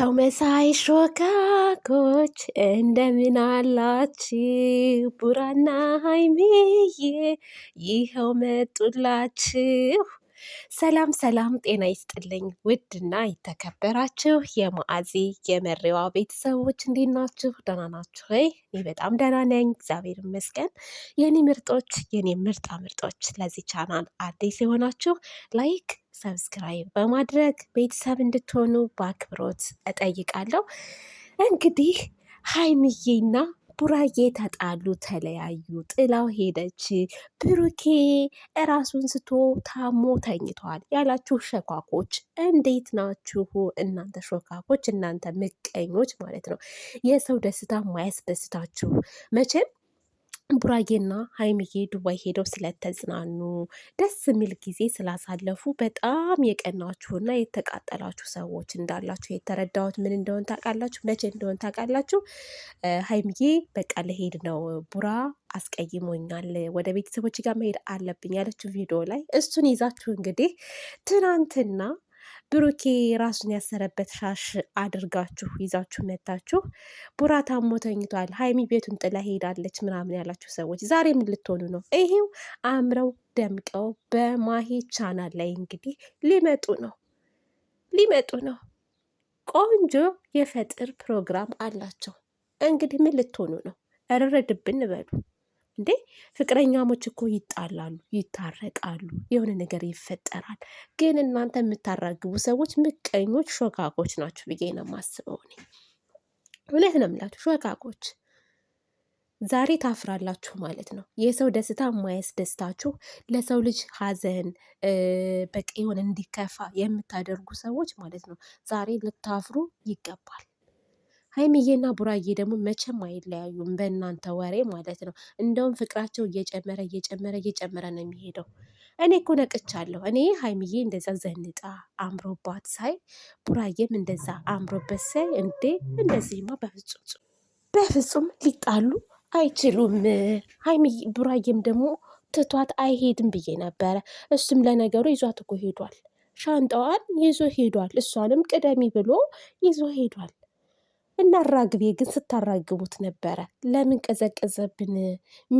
ሰው መሳይ ሾካኮች እንደምን አላችሁ? ቡራና ሀይሚዬ ይኸው መጡላችሁ። ሰላም ሰላም፣ ጤና ይስጥልኝ ውድና የተከበራችሁ የማዓዚ የመሪዋ ቤተሰቦች እንዴት ናችሁ? ደህና ናችሁ ወይ? እኔ በጣም ደህና ነኝ፣ እግዚአብሔር ይመስገን። የኔ ምርጦች፣ የኔ ምርጣ ምርጦች፣ ለዚህ ቻናል አዲስ የሆናችሁ ላይክ ሰብስክራይብ በማድረግ ቤተሰብ እንድትሆኑ በአክብሮት እጠይቃለሁ። እንግዲህ ሀይሚዬና ቡራዬ ተጣሉ፣ ተለያዩ፣ ጥላው ሄደች፣ ብሩኬ እራሱን ስቶ ታሞ ተኝቷል ያላችሁ ሸካኮች እንዴት ናችሁ? እናንተ ሸካኮች፣ እናንተ ምቀኞች ማለት ነው። የሰው ደስታ ማያስደስታችሁ መቼም ቡራጌና ሀይሚዬ ዱባይ ሄደው ስለተዝናኑ ደስ የሚል ጊዜ ስላሳለፉ በጣም የቀናችሁና የተቃጠላችሁ ሰዎች እንዳላችሁ የተረዳሁት ምን እንደሆን ታውቃላችሁ? መቼ እንደሆን ታውቃላችሁ? ሀይሚዬ በቃ ለሄድ ነው ቡራ አስቀይሞኛል፣ ወደ ቤተሰቦች ጋር መሄድ አለብኝ ያለችው ቪዲዮ ላይ እሱን ይዛችሁ እንግዲህ ትናንትና ብሩኬ ራሱን ያሰረበት ሻሽ አድርጋችሁ ይዛችሁ መታችሁ፣ ቡራ ታሞ ተኝቷል፣ ሀይሚ ቤቱን ጥላ ሄዳለች ምናምን ያላችሁ ሰዎች ዛሬ ምን ልትሆኑ ነው? ይሄው አምረው ደምቀው በማሂ ቻናል ላይ እንግዲህ ሊመጡ ነው ሊመጡ ነው። ቆንጆ የፈጥር ፕሮግራም አላቸው። እንግዲህ ምን ልትሆኑ ነው? እርር በሉ። እንዴ ፍቅረኛሞች እኮ ይጣላሉ፣ ይታረቃሉ፣ የሆነ ነገር ይፈጠራል። ግን እናንተ የምታራግቡ ሰዎች ምቀኞች፣ ሾካኮች ናችሁ ብዬ ነው የማስበው እኔ። እውነት ነው የምላችሁ ሾጋጎች። ዛሬ ታፍራላችሁ ማለት ነው። የሰው ደስታ ማየስ ደስታችሁ ለሰው ልጅ ሀዘን በቃ የሆነ እንዲከፋ የምታደርጉ ሰዎች ማለት ነው። ዛሬ ልታፍሩ ይገባል። ሀይሚዬና ቡራዬ ደግሞ መቼም አይለያዩም፣ በእናንተ ወሬ ማለት ነው። እንደውም ፍቅራቸው እየጨመረ እየጨመረ እየጨመረ ነው የሚሄደው። እኔ እኮ ነቅቻለሁ። እኔ ሀይሚዬ እንደዛ ዘንጣ አምሮባት ሳይ፣ ቡራዬም እንደዛ አምሮበት ሳይ፣ እንዴ እንደዚህማ በፍጹም በፍጹም ሊጣሉ አይችሉም። ሀይሚዬ ቡራዬም ደግሞ ትቷት አይሄድም ብዬ ነበረ። እሱም ለነገሩ ይዟት እኮ ሄዷል። ሻንጣዋን ይዞ ሄዷል። እሷንም ቅደሚ ብሎ ይዞ ሄዷል። እናራግቤ ግን ስታራግቡት ነበረ። ለምን ቀዘቀዘብን?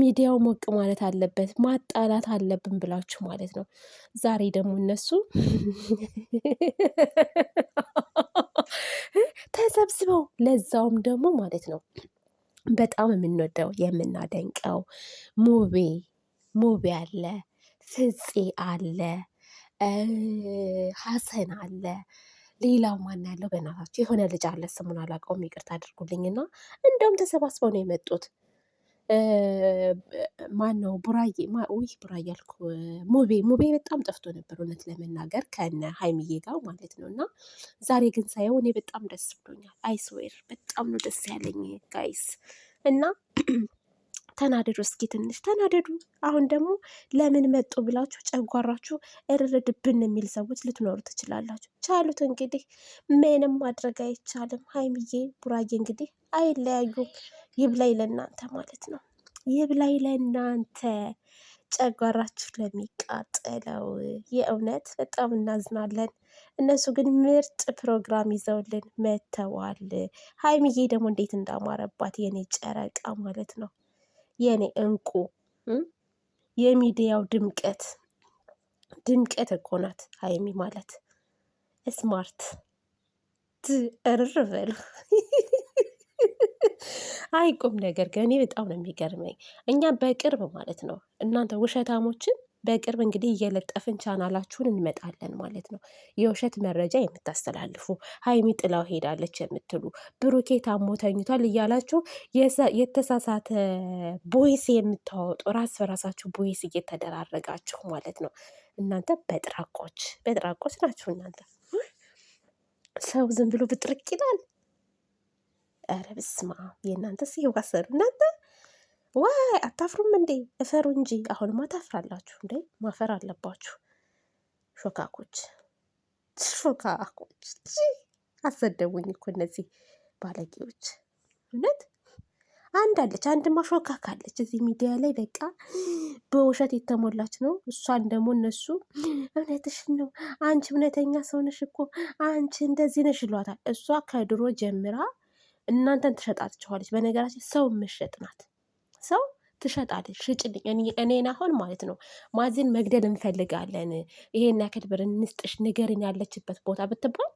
ሚዲያው ሞቅ ማለት አለበት፣ ማጣላት አለብን ብላችሁ ማለት ነው። ዛሬ ደግሞ እነሱ ተሰብስበው ለዛውም ደግሞ ማለት ነው በጣም የምንወደው የምናደንቀው ሙቤ ሙቤ አለ፣ ፍፄ አለ፣ ሀሰን አለ ሌላው ማን ያለው በእናታቸው የሆነ ልጅ አለ፣ ስሙን አላውቀውም፣ ይቅርታ አድርጉልኝና እንደውም ተሰባስበው ነው የመጡት። ማን ነው ቡራዬ? ውይ ቡራዬ አልኩ፣ ሙቤ ሙቤ በጣም ጠፍቶ ነበር እውነት ለመናገር ከነ ሀይሚዬ ጋር ማለት ነው። እና ዛሬ ግን ሳየው እኔ በጣም ደስ ብሎኛል። አይስዌር በጣም ነው ደስ ያለኝ ጋይስ እና ተናደዱ፣ እስኪ ትንሽ ተናደዱ። አሁን ደግሞ ለምን መጡ ብላችሁ ጨጓራችሁ እርርድብን የሚል ሰዎች ልትኖሩ ትችላላችሁ። ቻሉት እንግዲህ ምንም ማድረግ አይቻልም። ሀይምዬ ቡራዬ እንግዲህ አይለያዩም። ይብላይ ለእናንተ ማለት ነው። ይብላይ ለእናንተ ጨጓራችሁ ለሚቃጠለው የእውነት በጣም እናዝናለን። እነሱ ግን ምርጥ ፕሮግራም ይዘውልን መጥተዋል። ሀይምዬ ደግሞ እንዴት እንዳማረባት የኔ ጨረቃ ማለት ነው። የኔ እንቁ የሚዲያው ድምቀት ድምቀት እኮ ናት ሀይሚ ማለት ስማርት ትርርበል አይ ቁም ነገር ግን እኔ በጣም ነው የሚገርመኝ። እኛ በቅርብ ማለት ነው እናንተ ውሸታሞችን በቅርብ እንግዲህ እየለጠፍን ቻናላችሁን እንመጣለን ማለት ነው። የውሸት መረጃ የምታስተላልፉ ሀይሚ ጥላው ሄዳለች የምትሉ ብሩኬ ታሞ ተኝቷል እያላችሁ የተሳሳተ ቦይስ የምታወጡ ራስ በራሳችሁ ቦይስ እየተደራረጋችሁ ማለት ነው። እናንተ በጥራቆች በጥራቆች ናችሁ እናንተ። ሰው ዝም ብሎ ብጥርቅ ይላል። ኧረ በስመ አብ! እናንተ ዋይ አታፍሩም እንዴ? እፈሩ እንጂ አሁንማ ታፍራላችሁ እንዴ? ማፈር አለባችሁ። ሾካኮች ሾካኮች አሰደቡኝ እኮ እነዚህ ባለጌዎች። እውነት አንድ አለች፣ አንድማ ሾካ ካለች እዚህ ሚዲያ ላይ በቃ በውሸት የተሞላች ነው። እሷን ደግሞ እነሱ እውነትሽ ነው አንቺ እውነተኛ ሰውነሽ እኮ አንቺ እንደዚህ ነሽ ይሏታል። እሷ ከድሮ ጀምራ እናንተን ትሸጣችኋለች። በነገራችን ሰው ምሸጥ ናት። ሰው ትሸጣለች። ሽጭልኝ፣ እኔን አሁን ማለት ነው ማዚን መግደል እንፈልጋለን፣ ይሄን ያክል ብር እንስጥሽ፣ ንገሪን ያለችበት ቦታ ብትባል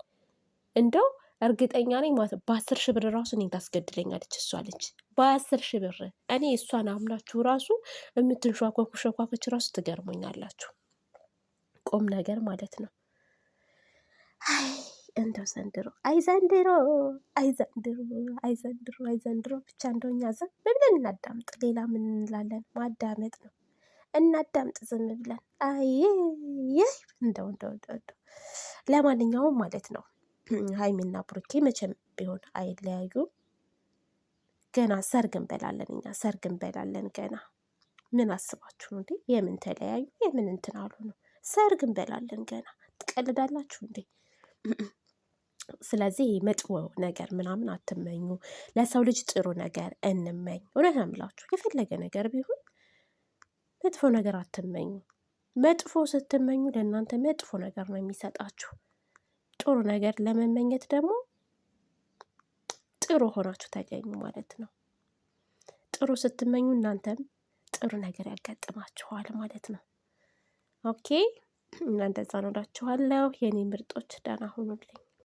እንደው እርግጠኛ ነኝ ማለት ነው በአስር ሺህ ብር ራሱ እኔን ታስገድለኛለች እሷለች። በአስር ሺህ ብር እኔ እሷን አምናችሁ ራሱ የምትንሸኳኩ ሸኳኮች ራሱ ትገርሙኛላችሁ። ቁም ነገር ማለት ነው። እንደው ዘንድሮ አይ ዘንድሮ አይ ዘንድሮ አይ ዘንድሮ አይ ዘንድሮ ብቻ እንደው እኛ ዝም ብለን እናዳምጥ። ሌላ ምን እንላለን? ማዳመጥ ነው። እናዳምጥ ዝም ብለን። አይ ይህ እንደው እንደው እንደው ለማንኛውም ማለት ነው ሀይሚና ብሩኬ መቼም ቢሆን አይለያዩም። ገና ሰርግ እንበላለን እኛ ሰርግ እንበላለን ገና። ምን አስባችሁ ነው እንዴ? የምን ተለያዩ የምን እንትን አሉ ነው ሰርግ እንበላለን ገና። ትቀልዳላችሁ እንዴ? ስለዚህ መጥፎ ነገር ምናምን አትመኙ። ለሰው ልጅ ጥሩ ነገር እንመኝ። እውነት ነው የምላችሁ፣ የፈለገ ነገር ቢሆን መጥፎ ነገር አትመኙ። መጥፎ ስትመኙ ለእናንተ መጥፎ ነገር ነው የሚሰጣችሁ። ጥሩ ነገር ለመመኘት ደግሞ ጥሩ ሆናችሁ ተገኙ ማለት ነው። ጥሩ ስትመኙ እናንተም ጥሩ ነገር ያጋጥማችኋል ማለት ነው። ኦኬ እናንተ እንደዛ የኔ ምርጦች፣ ደህና ሁኑልኝ።